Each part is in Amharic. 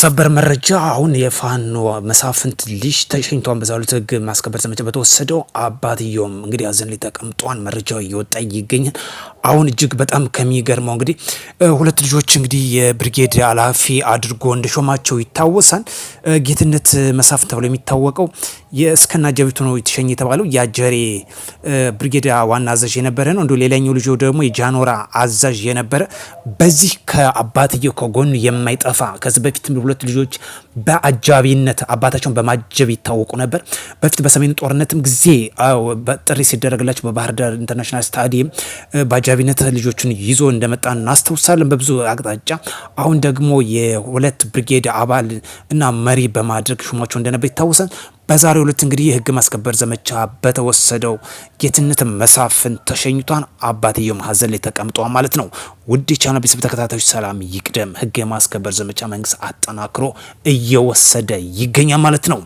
ሰበር መረጃ አሁን የፋኖ መሳፍንት ልጅ ተሸኝቷን በዛሉ ህግ ማስከበር ዘመቻ በተወሰደው አባትየውም እንግዲህ አዘን ላይ ተቀምጧን መረጃው እየወጣ ይገኛል። አሁን እጅግ በጣም ከሚገርመው እንግዲህ ሁለት ልጆች እንግዲህ የብርጌድ ኃላፊ አድርጎ እንደሾማቸው ይታወሳል። ጌትነት መሳፍንት ተብሎ የሚታወቀው የእስከና ጀቢቱ ነው የተሸኝ የተባለው የአጀሬ ብርጌድ ዋና አዛዥ የነበረ ነው። እንዲሁ ሌላኛው ልጆ ደግሞ የጃኖራ አዛዥ የነበረ በዚህ ከአባትየው ከጎኑ የማይጠፋ ከዚህ በፊት ሁለት ልጆች በአጃቢነት አባታቸውን በማጀብ ይታወቁ ነበር። በፊት በሰሜኑ ጦርነትም ጊዜ ጥሪ ሲደረግላቸው በባህር ዳር ኢንተርናሽናል ስታዲየም በአጃቢነት ልጆቹን ይዞ እንደመጣ እናስታውሳለን በብዙ አቅጣጫ። አሁን ደግሞ የሁለት ብርጌድ አባል እና መሪ በማድረግ ሹማቸው እንደነበር ይታወሳል። በዛሬው ዕለት እንግዲህ የህግ ማስከበር ዘመቻ በተወሰደው ጌትነት መሳፍን ተሸኝቷን አባትየው ሀዘን ላይ ተቀምጧል ማለት ነው። ውድ የቻናል ቤተሰብ ተከታታዮች ሰላም ይቅደም። ህግ የማስከበር ዘመቻ መንግስት አጠናክሮ እየወሰደ ይገኛል ማለት ነው።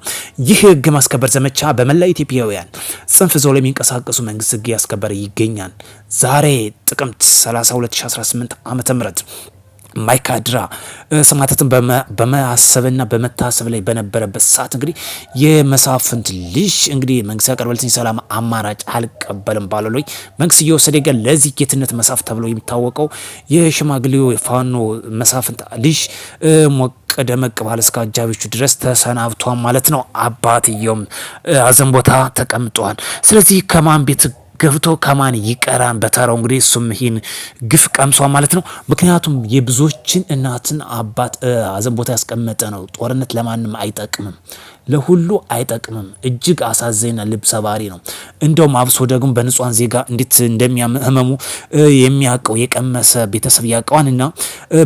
ይህ የህግ ማስከበር ዘመቻ በመላ ኢትዮጵያውያን ጽንፍ ዘው ለሚንቀሳቀሱ መንግስት ህግ ያስከበረ ይገኛል። ዛሬ ጥቅምት 30 2018 ዓ.ም ማይካድራ ሰማዕታትን በማሰብና በመታሰብ ላይ በነበረበት ሰዓት እንግዲህ የመሳፍንት ልጅ እንግዲህ መንግስት ያቀርበልትኝ ሰላም አማራጭ አልቀበልም ባለው መንግስት እየወሰደ ይገል ለዚህ ጌትነት መሳፍ ተብሎ የሚታወቀው የሽማግሌው የፋኖ መሳፍንት ልጅ ሞቅ ደመቅ ባለ እስከ አጃቢዎቹ ድረስ ተሰናብቷል ማለት ነው። አባትየውም አዘን ቦታ ተቀምጠዋል። ስለዚህ ከማን ቤት ገብቶ ከማን ይቀራን? በተራው እንግዲህ እሱም ይህን ግፍ ቀምሷ ማለት ነው። ምክንያቱም የብዙዎችን እናትን አባት አዘን ቦታ ያስቀመጠ ነው። ጦርነት ለማንም አይጠቅምም፣ ለሁሉ አይጠቅምም። እጅግ አሳዘኝና ልብ ሰባሪ ነው። እንደውም አብሶ ደግሞ በንጹሐን ዜጋ እንዴት እንደሚያመሙ የሚያውቀው የቀመሰ ቤተሰብ ያውቀዋል። እና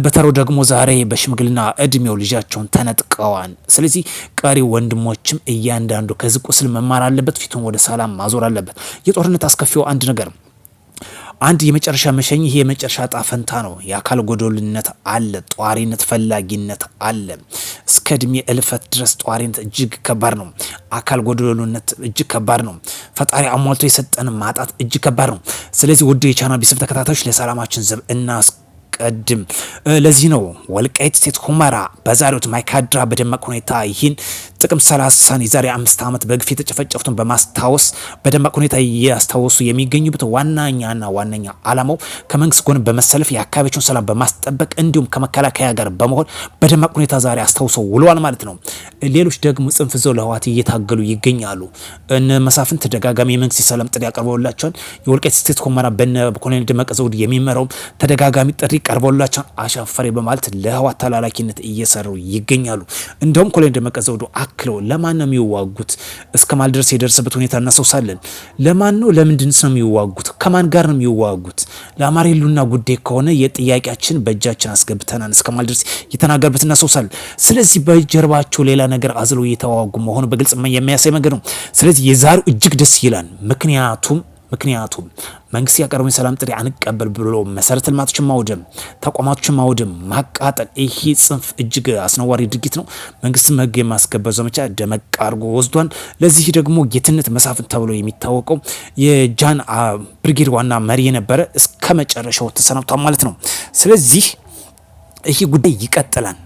በተራው ደግሞ ዛሬ በሽምግልና እድሜው ልጃቸውን ተነጥቀዋል። ስለዚህ ቀሪ ወንድሞችም እያንዳንዱ ከዚህ ቁስል መማር አለበት፣ ፊቱን ወደ ሰላም ማዞር አለበት። የጦርነት አስከፊ አስከፊው አንድ ነገር አንድ የመጨረሻ መሸኝ ይሄ የመጨረሻ ጣፈንታ ነው። የአካል ጎዶልነት አለ፣ ጧሪነት፣ ፈላጊነት አለ። እስከ እድሜ እልፈት ድረስ ጧሪነት እጅግ ከባድ ነው። አካል ጎዶልነት እጅግ ከባድ ነው። ፈጣሪ አሟልቶ የሰጠን ማጣት እጅግ ከባድ ነው። ስለዚህ ውድ የቻና ቢስብ ተከታታዮች ለሰላማችን ዘብ እናስ ቀድም ለዚህ ነው ወልቃይት ሴት ሁመራ በዛሬው ማይካድራ በደማቅ ሁኔታ ይህን ጥቅምት 30 የዛሬ አምስት ዓመት በግፍ የተጨፈጨፉትን በማስታወስ በደማቅ ሁኔታ እያስታወሱ የሚገኙበት ዋናኛና ዋነኛ ዓላማው ከመንግስት ጎን በመሰለፍ የአካባቢያቸውን ሰላም በማስጠበቅ እንዲሁም ከመከላከያ ጋር በመሆን በደማቅ ሁኔታ ዛሬ አስታውሰው ውለዋል ማለት ነው። ሌሎች ደግሞ ጽንፍ ዘው ለህወሓት እየታገሉ ይገኛሉ። እነ መሳፍን ተደጋጋሚ የመንግስት የሰላም ጥሪ ያቀርበውላቸዋል። የወልቃይት ስቴት ኮማና በነ ኮሎኔል ደመቀ ዘውድ የሚመራው ተደጋጋሚ ጥሪ ቀርበውላቸዋል። አሻፈሬ በማለት ለህወሓት ተላላኪነት እየሰሩ ይገኛሉ። እንደውም ኮሎኔል ደመቀ ዘውዱ የሚወክለው? ለማን ነው የሚዋጉት? እስከ ማልደርስ የደረሰበት ሁኔታ እናስታውሳለን። ለማን ነው? ለምንድን ነው የሚዋጉት? ከማን ጋር ነው የሚዋጉት? ለአማራ ህልውና ጉዳይ ከሆነ የጥያቄያችን በእጃችን አስገብተናል እስከ ማልደርስ የተናገርበት እናስታውሳለን። ስለዚህ በጀርባቸው ሌላ ነገር አዝለው እየተዋጉ መሆኑ በግልጽ የሚያሳይ መንገድ ነው። ስለዚህ የዛሬው እጅግ ደስ ይላል። ምክንያቱም ምክንያቱም መንግስት ያቀረበውን ሰላም ጥሪ አንቀበል ብሎ መሰረተ ልማቶችን ማውደም፣ ተቋማቶችን ማውደም፣ ማቃጠል ይህ ጽንፍ እጅግ አስነዋሪ ድርጊት ነው። መንግስትም ህግ የማስከበር ዘመቻ ደመቅ አድርጎ ወስዷል። ለዚህ ደግሞ ጌትነት መሳፍን ተብሎ የሚታወቀው የጃን ብርጌድ ዋና መሪ የነበረ እስከ መጨረሻው ተሰናብቷል ማለት ነው። ስለዚህ ይህ ጉዳይ ይቀጥላል።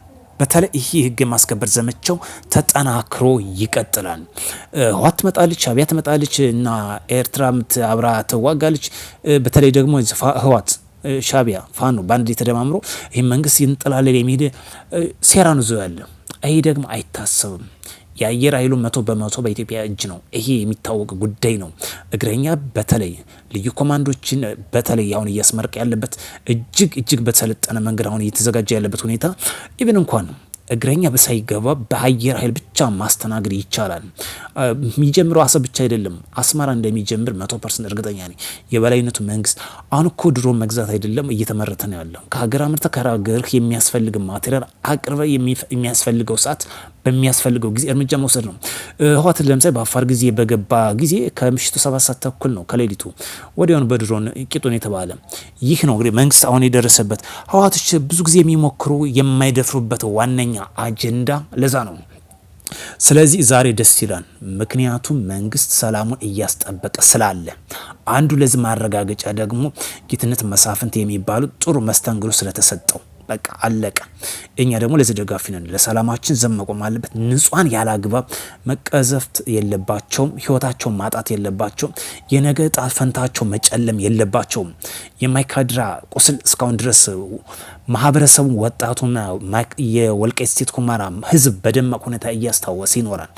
በተለይ ይህ ህግ የማስከበር ዘመቻው ተጠናክሮ ይቀጥላል። ህዋት ትመጣለች፣ ሻዕቢያ ትመጣለች እና ኤርትራ አብራ ትዋጋለች። በተለይ ደግሞ ህዋት ሻቢያ ፋኖ በአንድ ተደማምሮ ይህ መንግስት ይንጠላል የሚሄድ ሴራ ነው ያለ ይህ ደግሞ አይታሰብም። የአየር ኃይሉ መቶ በመቶ በኢትዮጵያ እጅ ነው። ይሄ የሚታወቅ ጉዳይ ነው። እግረኛ በተለይ ልዩ ኮማንዶችን በተለይ አሁን እያስመረቀ ያለበት እጅግ እጅግ በተሰለጠነ መንገድ አሁን እየተዘጋጀ ያለበት ሁኔታ ኢብን እንኳን እግረኛ በሳይገባ በአየር ኃይል ብቻ ማስተናገድ ይቻላል። የሚጀምረው አሰብ ብቻ አይደለም፣ አስመራ እንደሚጀምር መቶ ፐርሰንት እርግጠኛ ነኝ። የበላይነቱ መንግስት አሁን እኮ ድሮ መግዛት አይደለም እየተመረተ ነው ያለው። ከሀገር አምርተ ከሀገር የሚያስፈልግ ማቴሪያል አቅርበ የሚያስፈልገው ሰዓት በሚያስፈልገው ጊዜ እርምጃ መውሰድ ነው። ህወሓትን ለምሳሌ በአፋር ጊዜ በገባ ጊዜ ከምሽቱ ሰባት ሰዓት ተኩል ነው ከሌሊቱ ወዲያውኑ በድሮን ቂጡን የተባለ ይህ ነው እንግዲህ መንግስት አሁን የደረሰበት። ህወሓቶች ብዙ ጊዜ የሚሞክሩ የማይደፍሩበት ዋነኛ አጀንዳ ለዛ ነው። ስለዚህ ዛሬ ደስ ይላል። ምክንያቱም መንግስት ሰላሙን እያስጠበቀ ስላለ አንዱ ለዚህ ማረጋገጫ ደግሞ ጌትነት መሳፍንት የሚባሉ ጥሩ መስተንግዶ ስለተሰጠው በቃ አለቀ። እኛ ደግሞ ለዚህ ደጋፊ ነን። ለሰላማችን ዘብ መቆም አለበት። ንጹሐን ያላግባብ መቀዘፍት የለባቸውም። ህይወታቸውን ማጣት የለባቸውም። የነገ ዕጣ ፈንታቸው መጨለም የለባቸውም። የማይካድራ ቁስል እስካሁን ድረስ ማህበረሰቡ ወጣቱና የወልቃይት ስቴት ኩማራ ህዝብ በደማቅ ሁኔታ እያስታወሰ ይኖራል።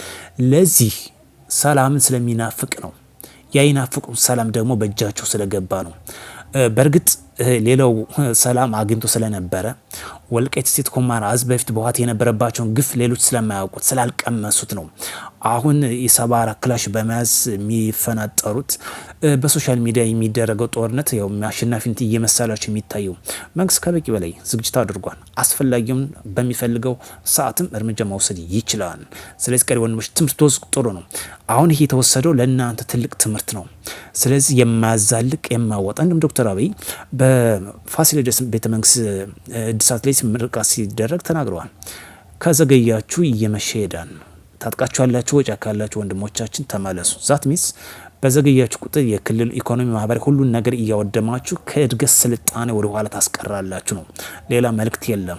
ለዚህ ሰላምን ስለሚናፍቅ ነው። ያይናፍቁ ሰላም ደግሞ በእጃቸው ስለገባ ነው። በእርግጥ ሌላው ሰላም አግኝቶ ስለነበረ ወልቃይት ሰቲት ኮማራ አዝ በፊት በህወሓት የነበረባቸውን ግፍ ሌሎች ስለማያውቁት ስላልቀመሱት ነው። አሁን የሰባራ ክላሽ በመያዝ የሚፈናጠሩት በሶሻል ሚዲያ የሚደረገው ጦርነት ያው አሸናፊነት እየመሰላቸው የሚታየው መንግስት ከበቂ በላይ ዝግጅት አድርጓል። አስፈላጊውን በሚፈልገው ሰዓትም እርምጃ መውሰድ ይችላል። ስለዚህ ቀሪ ወንድሞች ትምህርት ወስዱ፣ ጥሩ ነው። አሁን ይሄ የተወሰደው ለእናንተ ትልቅ ትምህርት ነው። ስለዚህ የማያዛልቅ የማያወጣ እንዲሁም ዶክተር ዶክተር አብይ በፋሲለደስ ቤተመንግስት እድሳት ላይ ምርቃት ሲደረግ ተናግረዋል። ከዘገያችሁ እየመሸ ሄዳል። ታጥቃችሁ ያላችሁ ወጪ ካላችሁ ወንድሞቻችን ተመለሱ። ዛት ሚስ በዘገያችሁ ቁጥር የክልሉ ኢኮኖሚ፣ ማህበራዊ ሁሉን ነገር እያወደማችሁ ከእድገት ስልጣኔ ወደ ኋላ ታስቀራላችሁ ነው። ሌላ መልእክት የለም።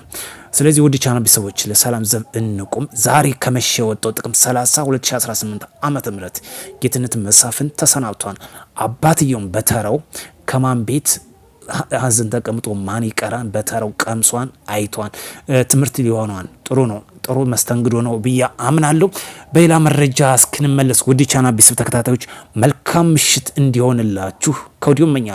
ስለዚህ ውድ ቻና ቤተሰቦች ለሰላም ዘብ እንቁም። ዛሬ ከመሸ የወጣው ጥቅምት 30 2018 ዓመተ ምህረት ጌትነት መሳፍን ተሰናብቷል። አባትየውም በተራው ከማን ቤት ሀዘን ተቀምጦ ማን ይቀራን? በተራው ቀምሷን አይቷን ትምህርት ሊሆኗን ጥሩ ነው። ጥሩ መስተንግዶ ነው ብዬ አምናለሁ። በሌላ መረጃ እስክንመለስ ውድ ቻና ቢስብ ተከታታዮች መልካም ምሽት እንዲሆንላችሁ ከወዲሁ እመኛለሁ።